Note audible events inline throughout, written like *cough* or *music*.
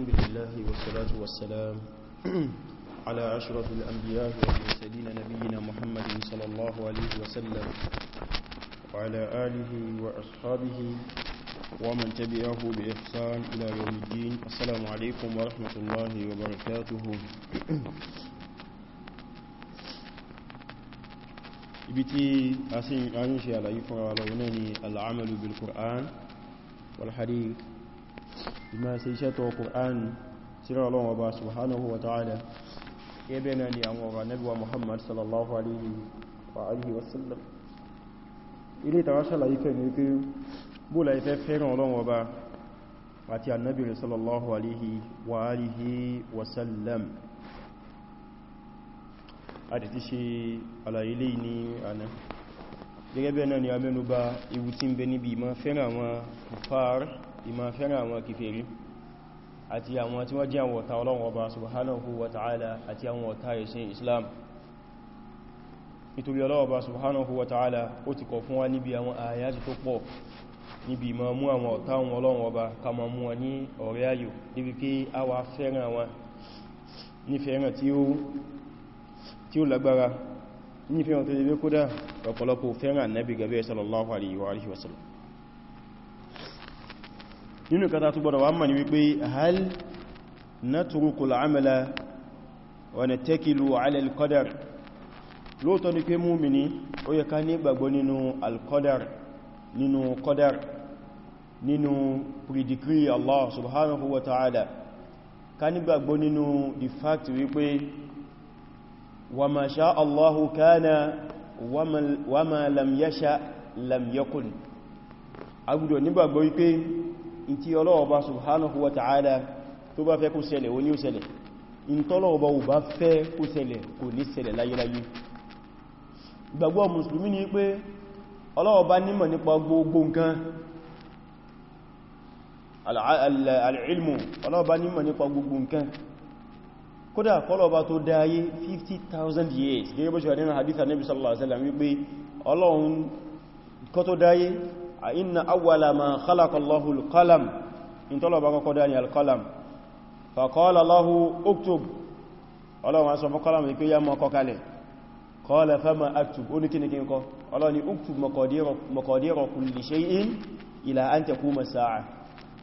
الحمد لله والصلاة والسلام *clears throat* على أشرف الأنبياء والمرسلين نبينا محمد صلى الله عليه وسلم وعلى آله وأصحابه ومن تبعه بإحسان إلى يوم الدين السلام عليكم ورحمة الله وبركاته ibiti asin an shi alayi fara al'amalu bil wal hadith ìmá ṣe iṣẹ́ tó Qur'an síra Ọlọ́run Ọba subhanahu wa ta'ala ẹbẹ̀ náà ni àwọn ọ̀rọ̀ nẹ́bíwa Muhammad sallallahu alaihi wa alihi wasallam ilé ìtara ṣàlàyé fẹ́ ní pé bóòlà ìfẹ́ fẹ́ràn Ọlọ́run Ọba àti annabi rẹ̀ sallallahu alaihi wa alihi wasallam a ti ti ṣe àlàyé lè ní gẹ́gẹ́ bẹ́ẹ̀ náà ni a mẹ́nubà ewu tí ń bẹ níbi ìmá fẹ́ràn àwọn kùfààrì ìmá fẹ́ràn àwọn kìfèrí àti àwọn tí wọ́n jẹ́ àwọn ọ̀tá Ọlọ́run Ọba subhanahu wa ta'ala àti àwọn ọ̀tá ẹ̀sìn Islam nítorí Ọlọ́run Ọba subhanahu wa ta'ala ó ti kọ̀ fún wa níbi àwọn àyájú tó pọ̀ níbi ìmá mú àwọn ọ̀tá Ọlọ́run Ọba ká má mú wọn ní ọ̀rẹ́ ayò níbi nínú kata tó gbọ́dọ̀ wà mọ̀ ní wípé hal natruku al-amala wa natakilu ala al-qadar lóòtọ́ ni pé múmini ó yẹ ká ní ìgbàgbọ́ nínú al-qadar nínú qadar nínú predicree Allah subhanahu wa ta'ala ká ní ìgbàgbọ́ nínú the fact wípé wa ma sha Allahu kana wa ma lam yasha lam yakun agbùdọ̀ nígbàgbọ́ wípé in tí Ọlọ́hun Ọba subhanahu wa ta'ala tó bá fẹ́ kó ṣẹlẹ̀ ó ní ó ṣẹlẹ̀ in tọ́lọ́hun Ọba ò bá fẹ́ kó ṣẹlẹ̀ kò ní ṣẹlẹ̀ láyéláyé ìgbàgbọ́ mùsùlùmí ni pé Ọlọ́hun Ọba nímọ̀ nípa gbogbo nǹkan al'ilmu Ọlọ́hun 50,000 years gẹ́gẹ́ bó ṣe wà nínú hadith Ànábì sallallahu alaihi wasallam wípé Ọlọ́hun kọ́ tó a inna awwala ma khalaqa Allahu al-qalam in tolo ba kọ́kọ́ dá ni al-qalam fa qala lahu uktub Ọlọ́run wá sọ fún qalam ní pé ya mọ́ kọ kalẹ̀ qala fama aktub ó ní kí ni kí n kọ Ọlọ́run ni uktub maqadira kulli shay'in ila an taquma as-sa'a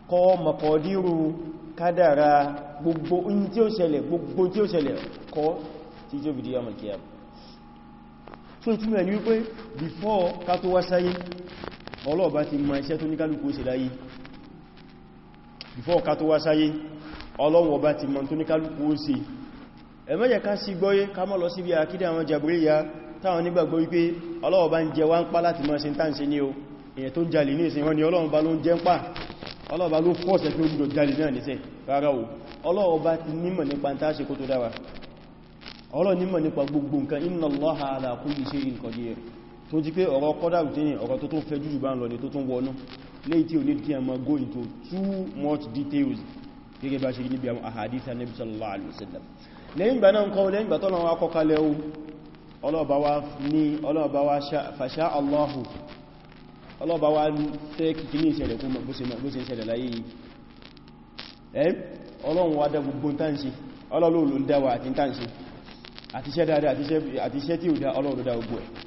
kọ maqadiru kádàrá gbogbo gbogbo tí ó ṣẹlẹ̀ kọ tí tí ó bìdí ọlọ́ọ̀bá ti mọ iṣẹ́ tó ní kálukú ṣe láyé before ká tó wá sáyé ọlọ́wọ̀ọ̀bá ti mọ tó ní kálukú ṣe ẹ̀mẹ́jẹ̀ ká sí gbọ́yé ká mọ́ lọ síbi àkídà àwọn jàbíríyà táwọn nígbàgbọ́ wípé ọlọ́ọ̀bá ń jẹ wá ń pá láti mọ́ sí tàǹsí ní o èyàn tó ń jalè ní ìsìn wọn ni ọlọ́ọ̀bá ló ń jẹ ń pà ọlọ́ọ̀bá ló fọ́ọ̀sẹ̀ pé ó gbọ́dọ̀ jalè náà nìsẹ̀ rárá o ọlọ́ọ̀bá ti nímọ̀ nípa ń táṣe kó tó dára ọlọ́ọ̀nímọ̀ nípa gbogbo nǹkan inna Allaha ala kulli shay'in qadir tó jí pé ọ̀rọ̀ kọ́dàrù tí yìn ọ̀rọ̀ tó tún fẹ́ jùjù bá ń lọ ní tó tún wọnú léyìí tí ò ní kí a máa go into too much details gẹ́gẹ́ bá ṣe rí níbi àwọn ahadith Ànábì sallallahu alaihi wasallam lẹ́yìn gbà náà ń kọ́ lẹ́yìn gbà tọ́lọ wa kọkalẹ̀ ohun ọlọ́ọ̀bá wa ní ọlọ́ọ̀bá wa fàṣá Allahu ọlọ́ọ̀bá wa fẹ́ kìkì ní ìṣẹ̀lẹ̀ kó bó ṣe ṣẹlẹ̀ láyé yìí ẹ́ ọlọ́run wa dá gbogbo táǹṣe ọlọ́run ló dá wa àti táǹṣe àti iṣẹ́ dáadáa àti iṣẹ́ tí ò dá ọlọ́run dá gbogbo ẹ̀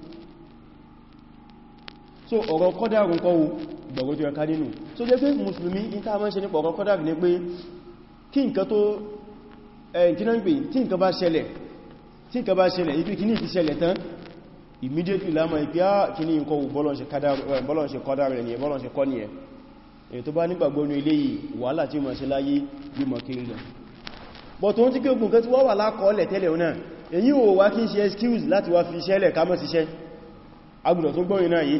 so ọ̀rọ̀ kọ́dàrùn kọ́ wo gbọ̀rọ̀ tí ó ká nínú so jẹ́ pé musulmi ìta mọ́ ṣe nípa ọ̀rọ̀ kọ́dàrùn ní pé kí nǹkan tó ẹ̀ntínà ń pè tí nǹkan bá ṣẹlẹ̀ tí nǹkan bá ṣẹlẹ̀ ikú kí ní ìfi ṣẹlẹ̀ tán immediately lámọ̀ ìpí á kí ní nǹkan bọ́lọ̀ ṣe kọ́dàrùn ẹ̀nìyàn bọ́lọ̀ ṣe kọ́ nìyẹn èyí tó bá nígbàgbọ́ ní ilé yìí wàhálà náà yìí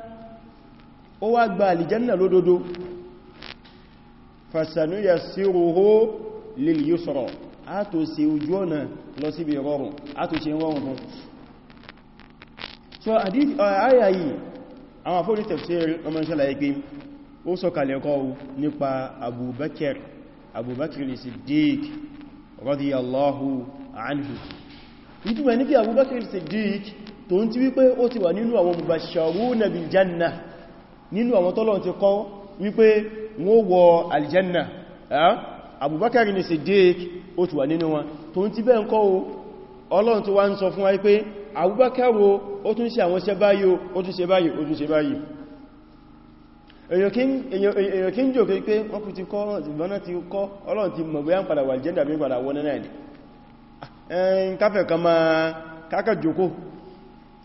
ó wá gba àlìjẹ́nà lódodo fàṣànúyà síruhó lílìí sọ̀rọ̀ a tó ṣe ojú ọ̀nà lọ síbi rọrùn a tó ṣe rọrùn fún so àyà yìí àwọn afọ́lù tafsir ọmọ ìṣẹ́lá yìí pé ó sọ kalẹ̀kọ́ nípa abubakar abubakar siddiq radiyallahu anhu ìtumẹ̀ ní kí abubakar siddiq tó ń ti wípé ó ti wà nínú àwọn mubashsharuna bil nínú àwọn tọ́lọ̀ ti kọ́ wípé wọ́n wọ aljanna Abubakar ni Siddiq ó ti wà nínú wọn tó ń ti bẹ́ẹ̀ ń kọ́ o Ọlọ́run tó wá ń sọ fún wa pé Abubakar o ó tún ṣe àwọn ṣe báyìí ó tún ṣe báyìí ó tún ṣe báyìí èyàn kí ń jò pé wọ́n kú ti kọ́ ìgbọ́nà ti kọ́ Ọlọ́run ti mọ̀ bóyá ń padà wà aljanna bí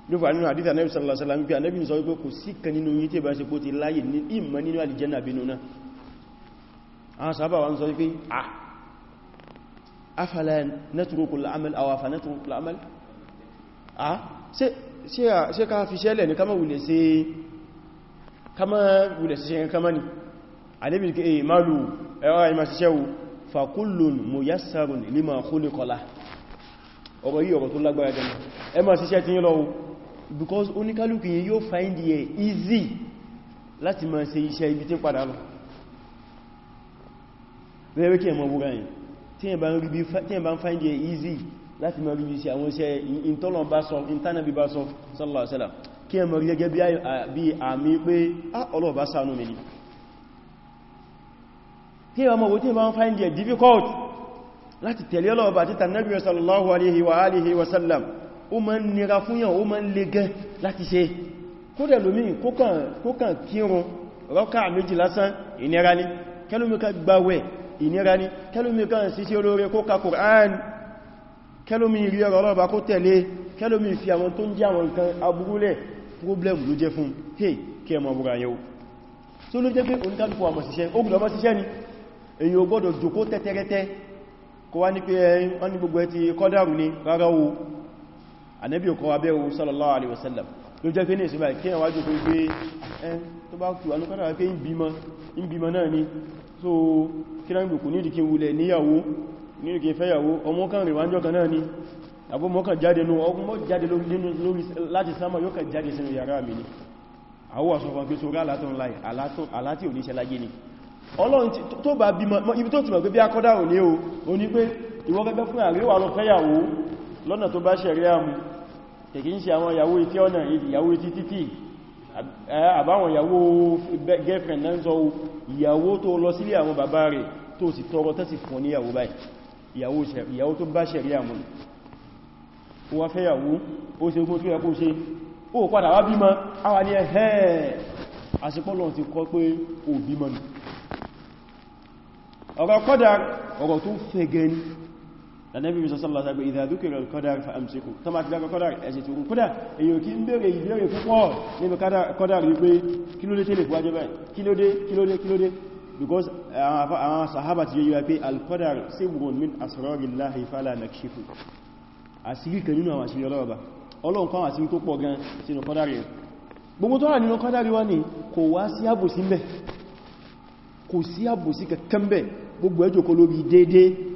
ló fà nínú àdíta nẹ́bí sallallahu alaihi wasallam pé ànẹ́bí sọ wípé kò sí kan nínú yí tí ìbá ṣe pó ti láyé ní ìmọ̀ nínú àlìjẹ́nà bínú náà àwọn sábà wá ń sọ wípé à afala natruku al-amal aw kama wulẹ̀ kama wulẹ̀ sí kama ni ànẹ́bí ke malu ẹwà ìmá ṣiṣẹ́ wu fa kullun muyassarun lima khuliqa lah ọ̀rọ̀ yìí ọ̀rọ̀ tó lágbára jẹ́ ẹ máa ṣiṣẹ́ because oníkálùkù yìí yóò find it easy láti máa ṣe iṣẹ́ ibi tí ń padà lọ rẹ̀rẹ̀ kí ẹmọ wúra yìí tí ẹ bá ń find it easy láti máa ríbi sí àwọn iṣẹ́ ìntọ́lọ̀ bá sọ ìntánàbí bá sọ sallallahu alaihi wasallam kí ẹmọ rí gẹ́gẹ́ bí àmì pé ah, ọlọ́ọ̀bá ṣàánú mi ni kí ẹ mọ̀ tí ẹ bá ń find it difficult láti tẹ̀lé ọlọ́ọ̀bá títà Nabi sallallahu alaihi wa alihi ó ma ń nira fúnyàn ó ma ń le gan láti ṣe kódẹ̀ lómi kókàn kírun rọ́kà méjì lásán ìnira ni kẹlómíkà gbàwẹ̀ ìnira ni kẹlómíkà síṣẹ́ olóore kó ka Kùrán kẹlómí rí ọ̀rọ̀ ọlọ́ba kó tẹ̀lé kẹlómí fi àwọn tó ń jẹ́ àwọn nǹkan aburúlẹ̀ problem ló jẹ́ fún hey kí ẹ mọ̀ búra yẹ̀wò tó ló jẹ́ pé oníkàlùkù àmọ̀ síṣẹ́ ó gbùdọ̀ síṣẹ́ ni èyí ò gbọ́dọ̀ jòkó tẹ́tẹ́rẹ́tẹ́ kó ní pé ẹ̀yìn wọ́n ní gbogbo ẹ ti kọ́dàrù ni rárá o ànábì ọkọ̀ wa bẹ́ẹ̀ sallallahu alaihi wasallam ló jẹ́ pé ní ìsinmi kí ẹwà jù pé ẹn tó bá kù alúkọ́dà pé ìbímọ náà ni so ni àbó mọ́ kan jáde láti sámà yóò kan jáde sínú yàrá mi ni àwọ́ àsọ̀fà pé sórí alátún láì alátí ò ní ṣe láyé ni ọlọ́run tó bá bímọ ibi tó túnmọ̀ pé bí akọ́dá ò ní o ní pé ìwọ́gẹ́gẹ́ fún àríwá lọ lọ́nà tó bá ṣẹ̀ríà mu kìkí ń ṣe àwọn ìyàwó ìtí ọ̀nà ìyàwó ìtí títì àbáwọn ìyàwó girlfriend náà ń sọ ìyàwó tó lọ sílé àwọn bàbá rẹ̀ tó sì tọrọ tẹ́sì fún níyàwó báyìí ìyàwó tó bá ṣẹ̀ríà mu ó wá fẹ́yàwó ó ṣe ogún tó yẹ kó ṣe ó padà wá bímọ ọ̀rọ̀ kọ́dà ọ̀rọ̀ tó fẹ́ gẹni lànàbí mi sọ́sọ́lá sàgbé ìdádúkèrè kọ́dár fa'amsikù tó máa ti dákọ̀ kọ́dár ẹ̀sì tí ó kúdá èyàn kí ń bèèrè ìbèèrè púpọ̀ níbi kọ́dár wípé kí ló dé tẹ́lẹ̀ fúwájẹ́ báyìí kí ló dé kí ló dé kí ló dé because àwọn sahaba ti yíwa pé alkọ́dár síbùrùn min asrarillahi fala nakshifu àṣírí kan nínú àwọn àṣírí ọlọ́ọ̀bá ọlọ́run kan àṣírí tó pọ̀ gan sínú kọ́dár rẹ̀ gbogbo tó wà nínú kọ́dár wá ní kò wá sí àbòsí mẹ́ kò sí àbòsí kankan bẹ́ gbogbo ẹjọ́ kó lórí déédéé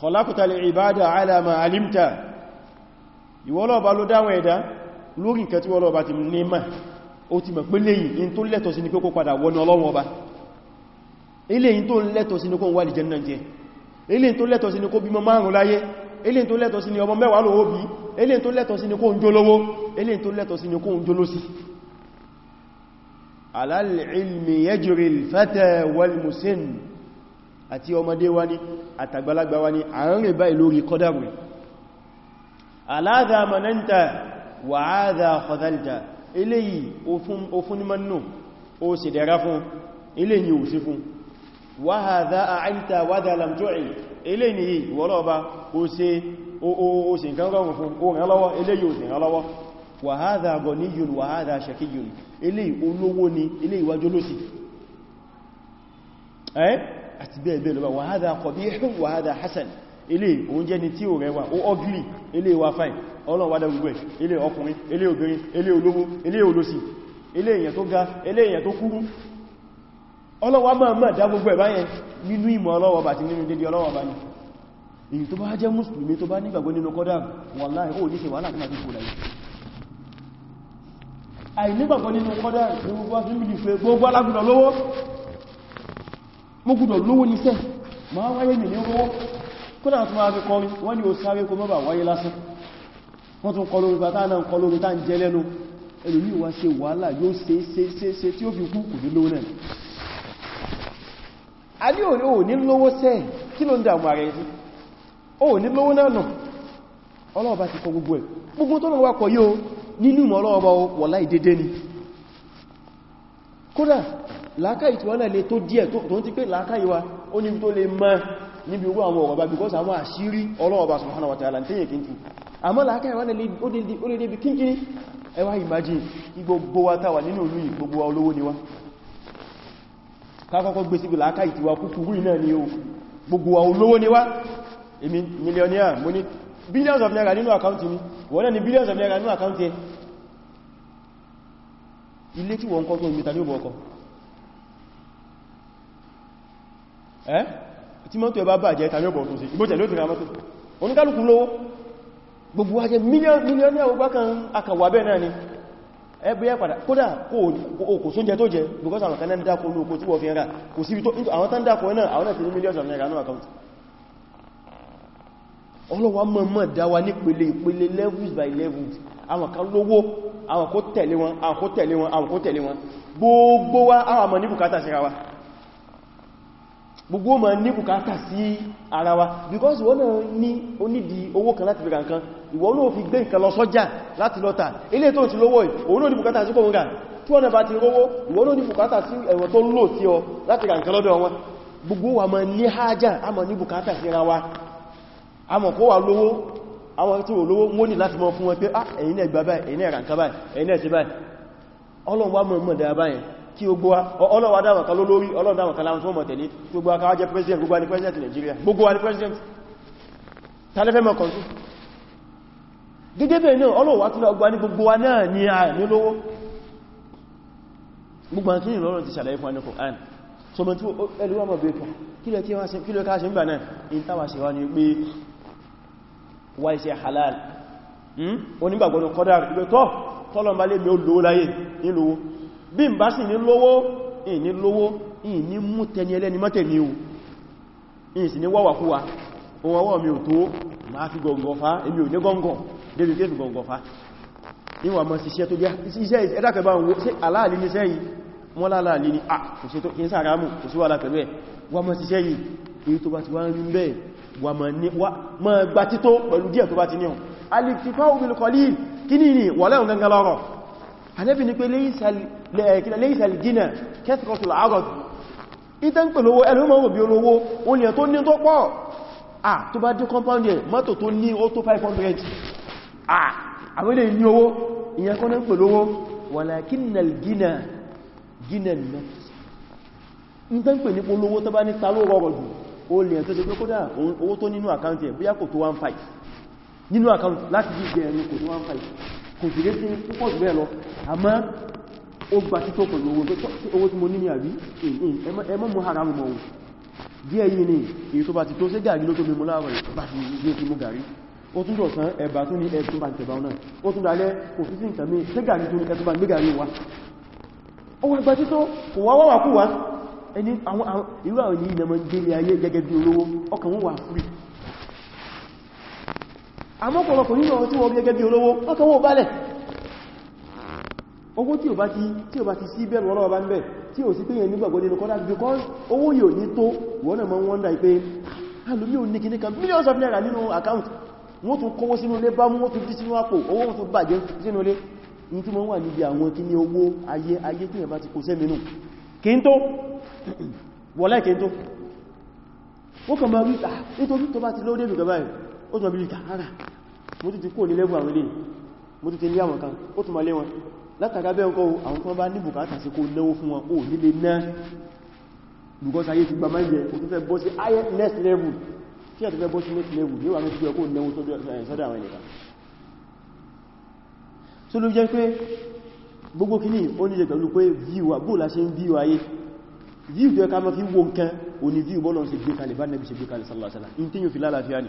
khalaqta al-ibada ala ma alimta ìwọ́lọ́ ọba ló dáwọn ẹ̀dá lórí nǹkan tí wọ́lọ́ ọba ti ní mà ó ti mọ̀ pé léyìn in tó lẹ́tọ̀ sí ní pé kó padà wọnú ọlọ́run ọba eléyìn tó lẹ́tọ̀ sí ní kó wà lí Jánnà jẹ eléyìn tó lẹ́tọ̀ sí ní kó àti ọmọdé wá ní àtàgbàlagbà wá ní àárín báyìí lórí kọ́dàrù aláàdá mananta wà áàdá fadalta eléyìí òfún mannú ó sì dẹ̀ra fún eléyìí ò sí fún wà áàdá àáríta wádà lamtọ́ì eléyìí wọ́lọ́ba ó sì nǹkan rọrùn fún ó rán lọ́wọ́ eléyìí àti bẹ́ẹ̀ bẹ́ẹ̀ lọ wà hádà kọ̀bíhù wà hádà hasan ilé oúnjẹ ni tí ó rẹwà ó ugly ilé wa fine ọlọ́wàdà gbogbo ẹ̀ ilé ọkùnrin ilé obìnrin ilé olówó ilé olóṣì ilé ga ilé èyàn tó kúrú ọlọ́wà máa máa dá gbogbo ẹ̀ báyẹn nínú ìmọ̀ ọlọ́wà bá ti nínú tó bá jẹ́ mùsùlùmí tó gbogbo mo gbọ́dọ̀ lówó níṣẹ́ ma wáyé mi ní owó kódà tó máa fi kọrin wọ́n ni ó sáré kó mọ́bà wáyé lásán wọ́n tún kọ lórí bàtà náà kọ lórí tá ń jẹ lẹ́nu ẹlòmí wa ṣe wàhálà yóò se ṣe ṣe ṣe tí ó fi kú kù nílò náà a ní òní òní lówó sẹ́ lákàí tí wọ́n náà lè tó díẹ̀ tó ń ti pé lákàí wa ó ní tó lè mọ́ níbi owó àwọn ọ̀rọ̀bá bí kọ́sà àwọn àṣírí ọlọ́ọ̀bá subhanahu wa ta'ala tíyẹ̀ kíntì imagine gbogbo wa wa olówó ni wá kákọ́kọ́ gbé síbi lákàí tí wa kúkúrú náà ni ó gbogbo wa olówó billions of naira nínú àkáǹtì mi wọ́n náà ni billions of naira nínú àkáǹtì ẹ ilé tí wọ́n kọ́ tó ìmìta ní òbọ̀kọ̀ ẹ́ tí mọ́tò ẹbá bàjẹ́ tàbí ọ̀pọ̀ òtúnṣe ìbójẹ̀ ló ti ra mọ́tò oníkálùkù lówó gbogbo ajẹ́ mílíọ̀nì àwọ́gbá kan akàwà bẹ́ẹ̀ náà ni ẹgbẹ́ padà kódà kò sóúnjẹ tó jẹ because àwọn kan náà dákò lóòkó tí wọ́n fi ra kò síbi tó àwọn tán dákò náà àwọn náà ti ní mílíọ̀nì náírà náà account ọlọ́wà mọ̀mọ̀ dáwà ní pele ìpele levels by levels àwọn kan lówó àwọn kó tẹ̀lé wọn àwọn kó tẹ̀lé wọn àwọn kó tẹ̀lé wọn gbogbo wa àwọn àmọ̀ ní bùkátà síra wa gbogbo ma ní bùkátà sí ara wa because wọ́n náà ní onídi owó kan láti bèèrè nǹkan ìwọ náà fi gbé nǹkan lọ sọ́jà láti lọ ilé tó ti lówó ìwọ náà ní bukata sí kòrò rà tí wọ́n náà ti rówó ìwọ náà ní bukata sí ẹ̀wọ̀n tó ń lò sí ọ láti ra nǹkan lọ́dọ̀ wọn gbogbo wa ma ní hájà a ma ní bùkátà sí ara ah ẹ̀yin náà gbà báyìí ẹ̀yin náà ra nǹkan báyìí ẹ̀yin náà kí gbogbo ọlọ́wà dáwọn kan lólórí ọlọ́wà dáwọn kan láwọn tó mọ̀ tẹ̀lé gbogbo akáwà jẹ́ president gbogbo ni president Nigeria gbogbo wa ni president tàlẹ́fẹ́ mọ̀ kọ̀ntú gẹ́gẹ́ bẹ̀rẹ̀ náà ọlọ́wà tó lọ́gbà ní gbogbo wa náà ni a ní lówó gbogbo akíyàn lọ́rọ̀ ti ṣàlàyé fún anìkọ̀ àn so mọ̀ tí ẹlúwà mọ̀ bẹ̀ẹ̀kọ̀ kí lọ káṣe ń gbà halal hmm? onígbàgbọ́nù kọ́dá ìgbẹ̀tọ́ tọ́lọ̀mbálé mi ó lówó láyé bí n bá sì ní lówó ìní lówó ìní mú tẹni ẹlẹ́ni mọ́tẹ̀mí o ìyìn sì ní wọ́wàkúwa ohun ọwọ́ mi ò tó máa fi gọ̀ǹgọ̀fà èmi ò ní gọ̀ǹgọ̀ débi pé fi gọ̀ǹgọ̀fà níwà mọ́ sí iṣẹ́ tó bí iṣẹ́ ẹ̀dàkẹ̀bá ń wo sí aláàlì ní sẹ́yìn wọ́n láàlì ní à kò sí tó kí ń sàrámù kò sí wà látẹ̀lú ẹ̀ wà anẹ́bì ní pé léìsàl gínà kẹ́sìkọ̀tù àárọ̀dù ìtàn pẹ̀lú owó ẹlùmọ́wò bí olówó oníyàn tó ní tó pọ̀ à tó bá dín compound yẹn mọ́tò tó ní ó tó 500 à àwẹ́lẹ̀ ní owó ìyẹn kọ́ ní pẹ̀lú owó wàlákínàl gínà gínà nínú àkáǹtì láti bí ìgbẹ̀rin kò tó 1.5 kò sì létí púpọ̀ jù bẹ́ẹ̀ lọ àmọ́ ó gba títọ́ pẹ̀lú owó tí mo ní ní àbí ẹmọ́ mú haramu mọ̀ ohun díẹ̀ yìí ni èyí tó bá ti tó sé gàrí ló tó mímú láàrọ̀ bá ti gbé ti mú gàrí ó tún jọ sán ẹ̀bà tún ní ẹ̀tún bá tẹ̀bà náà ó tún dalẹ́ kò fi sí ìtàmí sé gàrí tún ní ẹ̀tún bá gbé gàrí wa ó wà gba títọ́ kò wá wà kú wa ẹni àwọn ìlú àwọn ìlú ilẹ̀ mọ́ gbé ayé gẹ́gẹ́ bí olówó ọkàn wọn wà free àmọ́pọ̀lọpọ̀ nínú ọ̀rọ̀ tí wọ́n bí gẹ́gẹ́ bí olówó ọkàn wọ́n balẹ̀ owó tí ò bá ti sí bẹ̀rù ọlọ́wọ́ bá ń bẹ̀ tí ò sí pé yẹn nígbàgbọ́ nínú kọ́lá because owó yóò ní tó wọ́n náà mọ́ wọ́n dá ipé alùmí ah, ò ní kìí kan millions of naira nínú account wọ́n tún kówó sínú ilé bá mú wọ́n tún dí sínú àpò owó wọ́n tún bàjẹ́ sínú ilé ní tí wọ́n wà níbi àwọn kí ní owó ayé ayé tí yẹn bá ti kó sẹ́mínú kí n tó wọ́lẹ́ kí n tó wọ́n kàn máa rí ah, nítorí tó bá ti lóde lùgbà báyìí ó tún bílítà ara mo tún ti kó ní lẹ́bù àwọn ilé mo tún ti lé àwọn kan ó tún ma lé wọn látàrí abẹ́ ọkọ̀ àwọn tó bá ní bùkátà sí kó náwó fún wọn ó nílé náà because ayé ti gba máìjẹ ó tún fẹ́ bọ́ sí next level tí a tún fẹ́ next level yíwa ní ṣígbẹ́ kó náwó sọ́dọ̀ àwọn ènìyàn so ló jẹ́ pé gbogbo kìíní view wa bóòlá ṣe ń view ayé view tó ẹ ká mọ́ fi wo nǹkan ò ní view bọ́lọ̀ ṣe gbé kalẹ̀ bá nẹ́bí ṣe gbé kalẹ̀ sallallahu alaihi wasallam in tí yóò fi lálàáfíà ni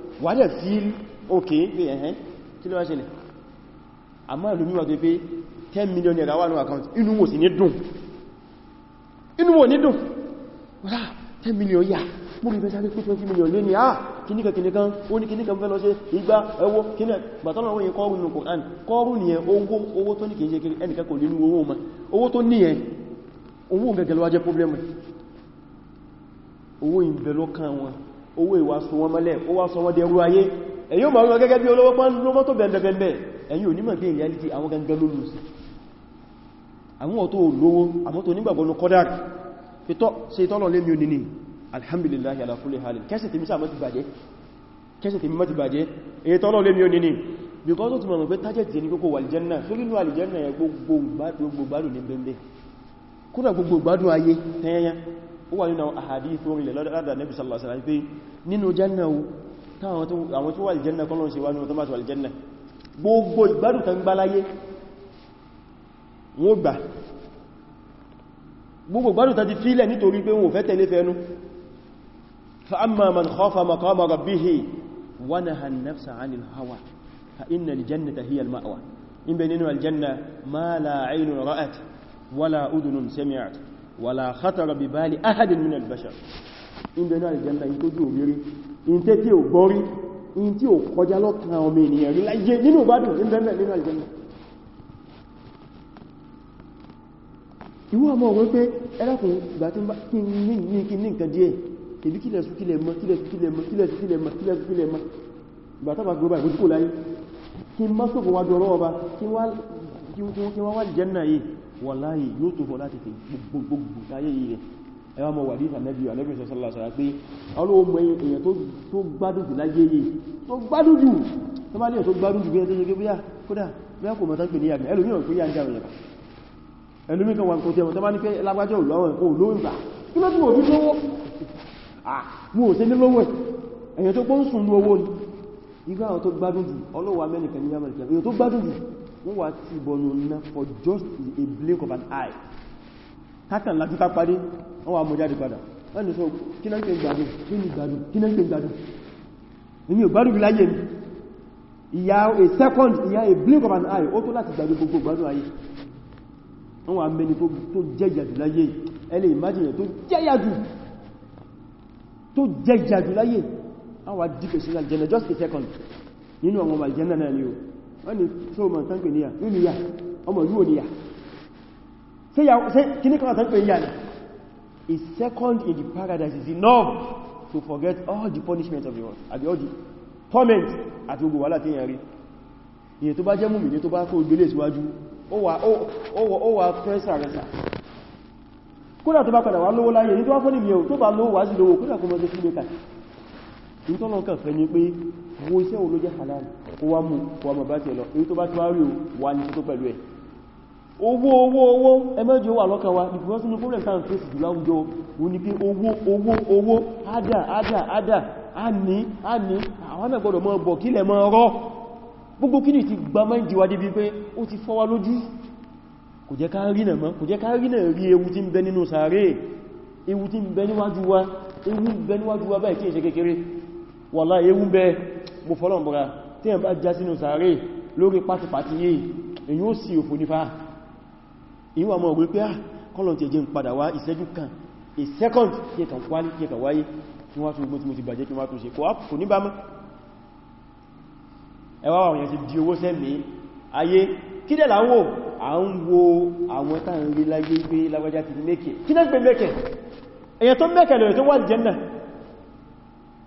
wà dẹ̀ feel okay pé ẹ̀hẹ́n kí ló wá ṣẹlẹ̀ àmọ́ ìlúmíwà tó pé 10 million naira wà ní account inú wò sí ní dùn inú wò ní dùn wọ́n 10 million yà mú rí bẹ́sá pé 20 million lé ní àà kíníkà ó ní fẹ́ lọ ṣe kíníkà owó ìwàsùn wọn mọ́lẹ̀ ó wá sọ wọ́n dẹrú ayé ẹ̀yin ò máa wọn gẹ́gẹ́ bí olówó pọ́n ló mọ́tò bẹ̀ẹ̀bẹ̀ẹ̀bẹ̀ ẹ̀yin ò nímọ̀ bí i reality àwọn gangan ló lùsì àwọn ọ̀tọ́ olówó àmọ́ mi ò nìní alhamdulillah ala kulli hal kẹ́sì tèmi sáà mọ́ti bàjẹ́ kẹ́sì tèmi mọ́ti bàjẹ́ èyí tọ́lọ̀ lé mi ò nìní because ó ti mọ̀ pé target yẹn ni kókò wàlìjẹ́nà sórí inú àlìjẹ́nà yẹn gbogbo gbádùn ní bẹ́ẹ̀ kúrò gbogbo gbádùn ayé tẹ́yẹn ó wà nínú àhàdíth orí ilẹ̀ lọ́dọ̀ nẹ́bí sallallahu alaihi wasallam pé nínú jẹ́nà àwọn tó wà jẹ́nà kọ́lọ̀ sí wà ní ọ̀tọ́ bá ti wà jẹ́nà gbogbo ìgbádùn kan gbá láyé wọ́n gbà gbogbo ìgbádùn tàbí fílẹ̀ nítorí pé wọ́n fẹ́ tẹ̀lé fẹ́nu fa amma man khafa maqama rabbihi wa naha an-nafsa 'anil hawa fa inna al-jannata hiya al-ma'wa in bainana al-janna ma la 'aynun ra'at wala udhunun sami'at wàlá khatara bí báyìí ahadin min al-bashar in bẹ̀rẹ̀ aljanna in tó jú òmìnirí in tẹ́ tí ò gọ́rí in tí ò kọjá lọ́kàn ọmọ ènìyàn rí láyé nínú ìbádùn in bẹ̀rẹ̀ nínú aljanna ìwọ ọmọ òwe pé ẹlẹ́kùn ìgbà tí kí ní nǹkan díẹ̀ ìbí kílẹ̀ wá jẹ́ náà yìí wọláyì yóò tó fọ́ láti fi gbogbogbò táyé rẹ̀ ẹwà mọ̀ wà dìtà nẹ́bí alẹ́bí sọ́sọ́lọ́sọ́lá pé ọlọ́wọ́ èèyàn tó gbádùn jù láyé yìí tó gbádùn jù tó bá lẹ́yìn tó gbádùn jù bí ẹjọ́ gẹ́gẹ́ bíyà kódà bíyà kò mọ̀tán pè ní àgbẹ̀ ẹlòmí ọ̀pẹ́ yà ń jà òyìnbá ẹlòmí kan wà kò tẹ́wọ̀n tó bá ní pé lágbájọ́ òlọ́wọ̀n kò lóyìn tó gbádùn jù wọ́n wá tí bọnú ná for just a blink of an eye kákan lájú ká parí wọ́n wá mọ́ jáde padà wọ́n ni sọ kí náà ṣe gbádùn kí ní gbádùn kí náà ṣe gbádùn èmi ò gbádùn láyé mi ìyá a second ìyá a blink of an eye ó tó láti gbádùn gbogbo gbádùn ayé wọ́n wá mẹ́ni tó jẹ́jàdù láyé ẹlẹ́ imagine tó jẹ́jàdù tó jẹ́jàdù láyé àwọn adìkẹ̀ sí aljanna just a second nínú àwọn aljanna náà ni o wọ́n ni tó mọ̀ tán pè níyà yóò níyà ọmọ yóò níyà ṣe kíní kan tán pè níyà a second in the paradise is enough to forget all the punishment of yours, àbí all the torment àti ogun wàhálà tí yẹn rí ìyẹ̀ tó bá jẹ́ múmi ní tó bá kó gbélé síwájú ó wà fẹ́sà rẹ̀sà kódà tó bá padà wà lówó láyé ní tó wá fọ́ nìyẹ̀ tó bá lówó wá sí lówó kódà kó mọ́ ní tó lọ́nkà fẹ́ ní pé wo iṣẹ́ wo ló jẹ́ halal kó wá mú kó wá mọ̀ bá ti ẹ̀lọ èyí tó bá ti wá rí wà ní tó pẹ̀lú ẹ̀ owó owó owó ẹmẹ́jọ wà lọ́kàn wa because ní problem tán fèsì jù láwùjọ o ní pé owó owó owó ádà ádà ádà á ní á ní àwọn ni ti gba máa ń jíwa débi pé ó ti fọ́ wa lójú kò jẹ́ ká rí nà mọ́ kò jẹ́ ká rí nà rí ewu tí ń bẹ níwájú wa báyìí kí èṣe kékeré wọ́lá ewu bẹ́ mo fọ́lọ̀n bọ́ra tí ẹ̀ bá já sínú sàárè lórí pátipàti yìí èyí ó sì òfò nífà ìwà mọ̀ orí pé à ah, kọ́lọ̀ tí ẹjẹ́ ń padà wá ìṣẹ́jú kan a second kí ẹkàn wáyé kí ẹkàn wáyé kí wá tún gbọ́n tí mo ti bàjẹ́ kí wá tún ṣe kò ápù ní bámú ẹwà àwọn èèyàn ti di owó sẹ́mì ayé kí dẹ̀ láwọ́ à ń wo àwọn táà ń rí láyé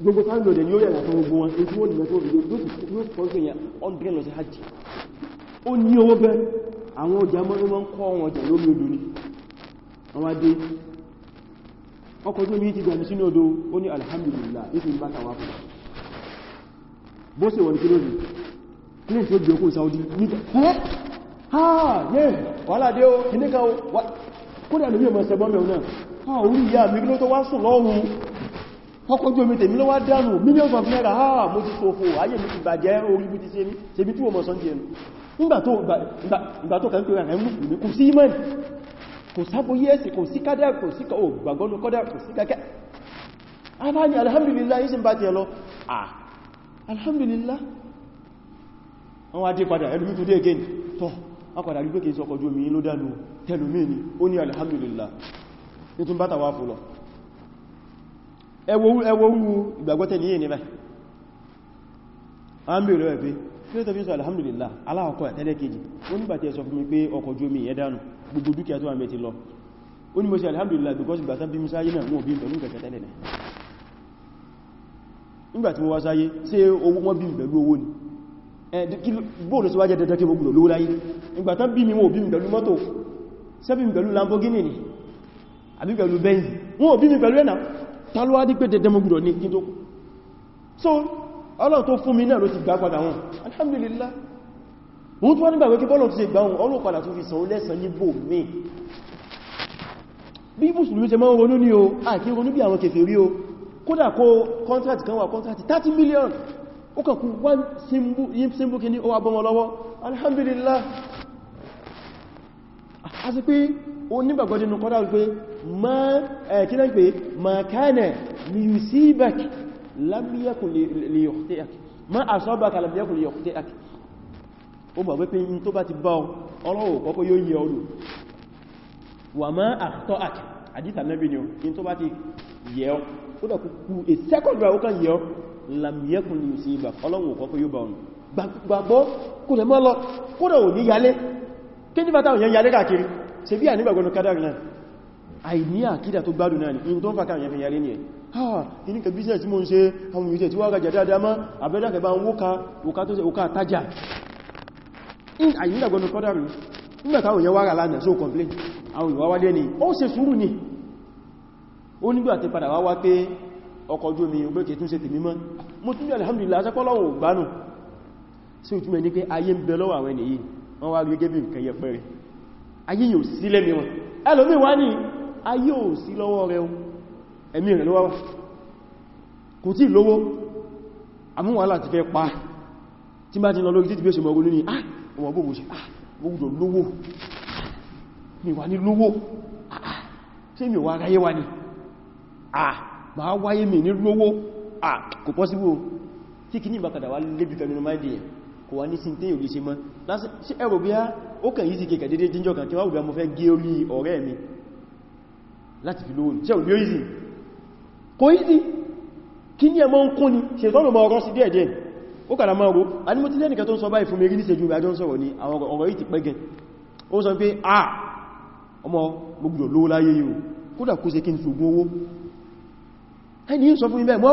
gbogbo táńdò dẹ̀ ni ó yàtọ̀ gbogbo wọn èyí tí ó nìyàn tó fi yóò fọ́nkẹ́ yẹn ọ́ndrẹ́ lọ sí hajji ó ní owó bẹ́ àwọn ọjà mọ́ wọ́n kọ́ wọn jẹ̀ lómi odò ni àwọn adé ọkọ̀ tó yìí ti gbàmì sínú odò ó ní alhamdulillah ìfì bá kàwà fún bó sì wọ́n kí lórí plane tó gbé okùn Saudi ní ẹ́ ha yẹ́ wàhálà dé o kìníkà o kó dà lórí ọmọ ṣẹgbọ́n mẹ́wọ́n náà ha orí ìyá mi kí ló tó wá sùn lọ́rùn wọ́n kójú omi tèmi ló wá dánù millions of naira ha mo ti sòfò ayé mi ti bàjẹ́ orí bí ti ṣe mí ṣe bí tí wọ́n mọ̀ sọ́njẹ́ ẹnu nígbà tó kàn pé rẹ̀ mùsùlùmí kò sí imani kò sábóyé ẹ̀sì kò sí kádà kò sí gbàgbọ́nù kọ́dà kò sí kẹ́kẹ́ abáni alhamdulillah yíṣin bá ti ẹ lọ ah alhamdulillah wọ́n wá dé padà ẹlùmí tó dé again tọ́ akọ̀dà rí pé kìí sọkọjú omi ló dánù tẹlùmí ni ó ní alhamdulillah nítorí bátàwà fún lọ ẹwọ́rú ìgbàgbọ́tẹ̀ ní èyí ní báyìí a ń bèèrè rẹ̀ pé kí ó sọ alhamdulillah aláàkọ́ ẹ̀tẹ́lẹ̀ kejì ó nígbà tí ẹ sọ fún mi pé ọkọ̀ ojú omi ẹ̀dánù gbogbo dúkìá tó wà mẹ́ti lọ ó ní alhamdulillah because ìgbà tán bí mi sáyé náà wọ́n bí pẹ̀lú kẹ̀kẹ́ tẹ́lẹ̀ náà nígbà tí mo wá sáyé ṣé owó wọ́n bí pẹ̀lú owó ni bóòlù sí wájẹ́ dandan kí mo gbùlò lówó láyé ìgbà tán bí mi Benz wọ́n bí pẹ̀lú ẹ̀nà ta ló wá dí pé dẹ̀dẹ̀ mọ́ gbùdọ̀ ní kí tó kú so ọlọ́run tó fún mi náà ló ti gbà padà wọn alhamdulillah wọ́n tó wá nígbàgbé kí bọ́lọ̀ ti ṣe gbà wọn ọlọ́ padà tó fi sàn lẹ́sàn ní bò mí bí mùsùlùmí ṣe máa ronú ní o àkí ronú bí àwọn kèfèrí o contract kan wà million ó kàn kú one symbol kí ní ó wà bọ́mọ lọ́wọ́ alhamdulillah ó nígbàgbọ́ nínú kọ́dá wípé ma ẹ̀kílẹ̀ pé ma kana li yusibak lam yakun li yukhti'ak ma asabaka lam yakun li yukhti'ak ó gbà wípé in tó bá ti bá ọlọ́wọ̀ kọ́kọ́ yóò yẹ olù wà ma akhta'ak àdíta nẹ́bí ni in tó bá ti yẹ ọ ó dà kúkú a second round kan yẹ ọ lam yakun li yusibak ọlọ́wọ̀ kọ́kọ́ yóò bá ọlù gbàgbọ́ kò lè mọ́ lọ kó ṣe bí àníbàgbọ́nù kádàrí náà àìní àkídà tó gbádùn náà ni in tó ń fàkà yẹn fi yàrí ní ẹ̀ ah inú kẹ business mo ń ṣe àwọn ìrìnṣẹ́ tí wọ́n rajà dáadáa mọ́ àbẹ́dàkẹ̀ bá ń wóka òká tó ṣe òká tajà in àìníbàgbọ́nù kádàrí nígbàtàwọn yẹn wára lánàá so complain àwọn ìwà wálé ni ó ṣe sùúrù ni ó nígbà àti padà wá wá pé wọ́n wá rí gẹ́bí nǹkan yẹpẹrẹ ayé yóò sí lẹ́mí wọn ẹlòmí wá ní ayé ò sí lọ́wọ́ rẹ̀ ẹ̀mí rẹ̀ lọ́wọ́ kò tí lówó àmúwàlá ti fẹ́ pa tí bá ti lọ lórí títí bí ó ṣe mọ̀ ní ah ọmọ bó ṣe ah gbogbo lówó mi ah ṣe mi wà ráyé wà ní ah, ah ma ah, wáyé mi ní lówó ah kò pọ́síwò tí kò wá ní sí tí yóò lè ṣe mọ́ sí ẹ̀rọ bí á ó kàn yí sí kẹkẹ̀ dédé jíjọ kan kí wá òbí mo fẹ́ gé orí ọ̀rẹ́ mi láti fi lóòrùn ní oízi kò ízi ni ṣètọ́nù ma ọ̀rọ̀ sí díẹ̀díẹ̀ ó kàdà a ní mo ti lẹ́nìkan tó ń sọ báyìí fún mi rí ní ìṣẹ́jú ẹni yìí sọ fún mi bẹ́ẹ̀ mọ́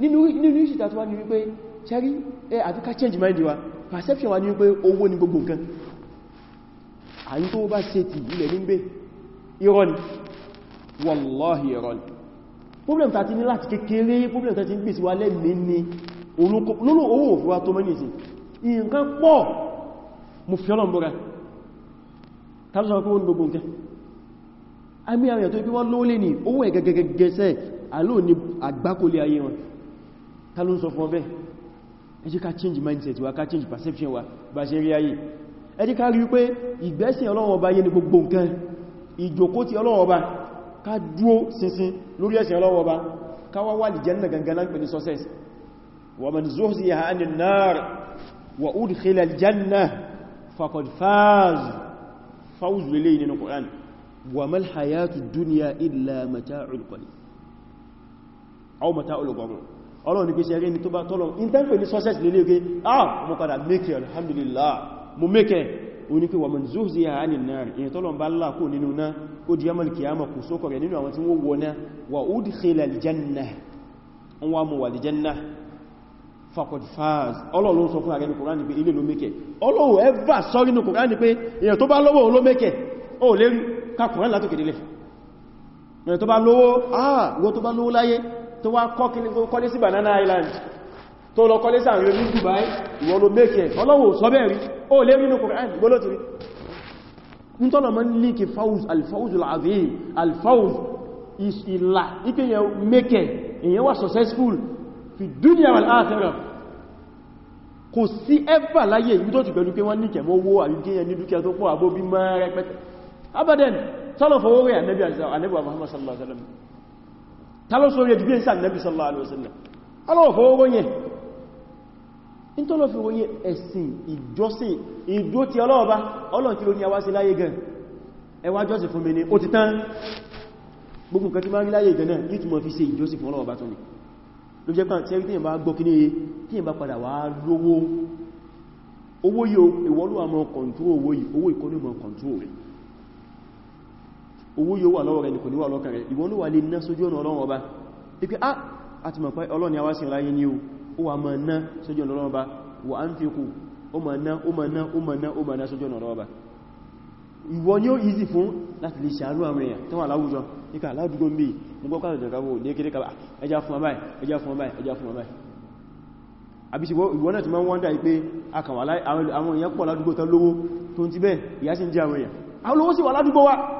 nínú ìṣìta tó wá ní wípé ṣẹ́rí àti ká change mind wa perception wa ní wípé owó ní gbogbo nǹkan àyí tó bá ṣe ti ilẹ̀ ní gbé irọ́ ni wallahi irọ́ problem tàti ní láti kékeré problem tàti ń gbèsè wa lẹ́mí ni lónà owó òfúwa tó mẹ́ nìsìn nǹkan pọ̀ mo fi ọlọ́m bọ́ra tàbí sọ pé wọ́n gbogbo nǹkan àmì àwọn èèyàn àlóò ni àgbákólé ayé wọn ta ló ń sọ fún ọbẹ̀ ẹ jẹ́ ká change mindset wa ká change perception wa bá ṣe rí ayé ẹ jẹ́ ká rí pé ìgbẹ́sìn Ọlọ́run ọba yé ni gbogbo nǹkan ìjókòó ti Ọlọ́run ọba ká dúó ṣinṣin lórí ẹ̀sìn Ọlọ́run ọba ká wá wà lí Jánnà gangan náà pẹ̀lú success wa man zuhziha ọlọ́run ní pé ṣe rí ní tó bá tọ́lọ̀ in tẹ́ ń pè ní success lélé oké ah mo padà make alhamdulillah mo make o ní pé wà mọ̀n zuhzi ya hannun náà èyàn tọ́lọ̀ bá lá kó nínú náà ó di yamal kiyama kò sókọ̀ rẹ̀ nínú àwọn tí wọ́n wọ́n náà wà ó di khela aljanna an wà mọ̀ wà aljanna fakọd faz ọlọ́run sọ fún àrẹ́nu kòrán ní pé ilé ló mẹ́kẹ̀ tó wá kọ́lé sí banana island tó lọ kọ́lé sáàrin orí Dubai ìwọ ló mẹ́kẹ̀ ọlọ́wọ̀ sọ́bẹ̀rí ó lé nínú Qur'an gbọ́lọ́ ti rí ń tọ́lọ mọ́ ní kí fawz alfawz al'azim alfawz ìlà ipé yẹn mẹ́kẹ̀ èyàn wà successful fi dunya wal akhirah kò sí ẹbà láyé ìlú tó ti pẹ̀lú pé wọ́n ní kẹ̀mọ́ owó àrígẹ́yẹn ní dúkìá tó pọ̀ àbóbí mọ́ rẹpẹtẹ abadan tọ́lọ̀ fọwọ́rẹ̀ ànẹ́bí àṣà ànẹ́bí Muhammad sallallahu alaihi wasallam tàbí sórí ẹjú bí i sàn Nabi sallallahu alaihi wasallam alọ́wọ̀fọ́ oróyìn in ẹ̀sìn ti ọlọ́ọ̀bá ọlọ́n láyé fún mi ní tán gbogbo nǹkan tí máa rí láyé náà fi ṣe ìjọsìn fún ọlọ́ọ̀bá tó ní gbọ́ kí ní owó yóò wà lọ́wọ́ rẹ̀ nìkò níwà lọ́kàn rẹ̀ ìwọ́n ló wà lè ná sójú ọ̀nà ọlọ́run ọba ipé ah, a àti mọ̀pá ọlọ́run ya wá sí ráyé ní o wà mọ̀ ná sójú ọ̀nà ọlọ́run ọba wà á ń fi kù ó mọ̀ ná ó mọ̀ ná ó mọ̀ ná ó mọ̀ ná sójú ọ̀nà ọlọ́run ọba ìwọ ni ó easy fún láti lè ṣàánú àwọn èèyàn tó wà láwùjọ níka aládùúgbò ah, mi ní gbọ́kọ́ àjọ ìjọkàwò ní kéde kaba ẹja fún ọba ẹja fún ọba ẹja fún ọba àbí ṣe ìwọ náà ti máa ń wọ́n dá ipé akàwà àwọn èèyàn pọ̀ ládùúgbò tán lówó tó ń ti bẹ́ẹ̀ ìyá sí ń jẹ àwọn èèyàn àwọn olówó sì wà ládùúgbò wa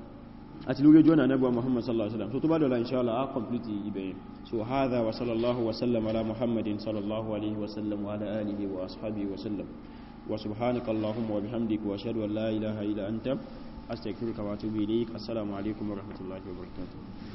àti lórí ojú ọ̀nà anábíwa muhammad sallallahu alaihi wasallam so tó bá dọ̀la inṣáàlá a complete ibe so haza wa sallallahu wa wasallam ala muhammadin sallallahu alaihi wa sallam wa ala alihi wa ashabihi sallam wa subhanakallahumma wa bihamdika wa ashhadu an la ilaha illa anta astaghfiruka wa atubu ilayk assalamu alaikum wa rahmatullahi wa barakatuh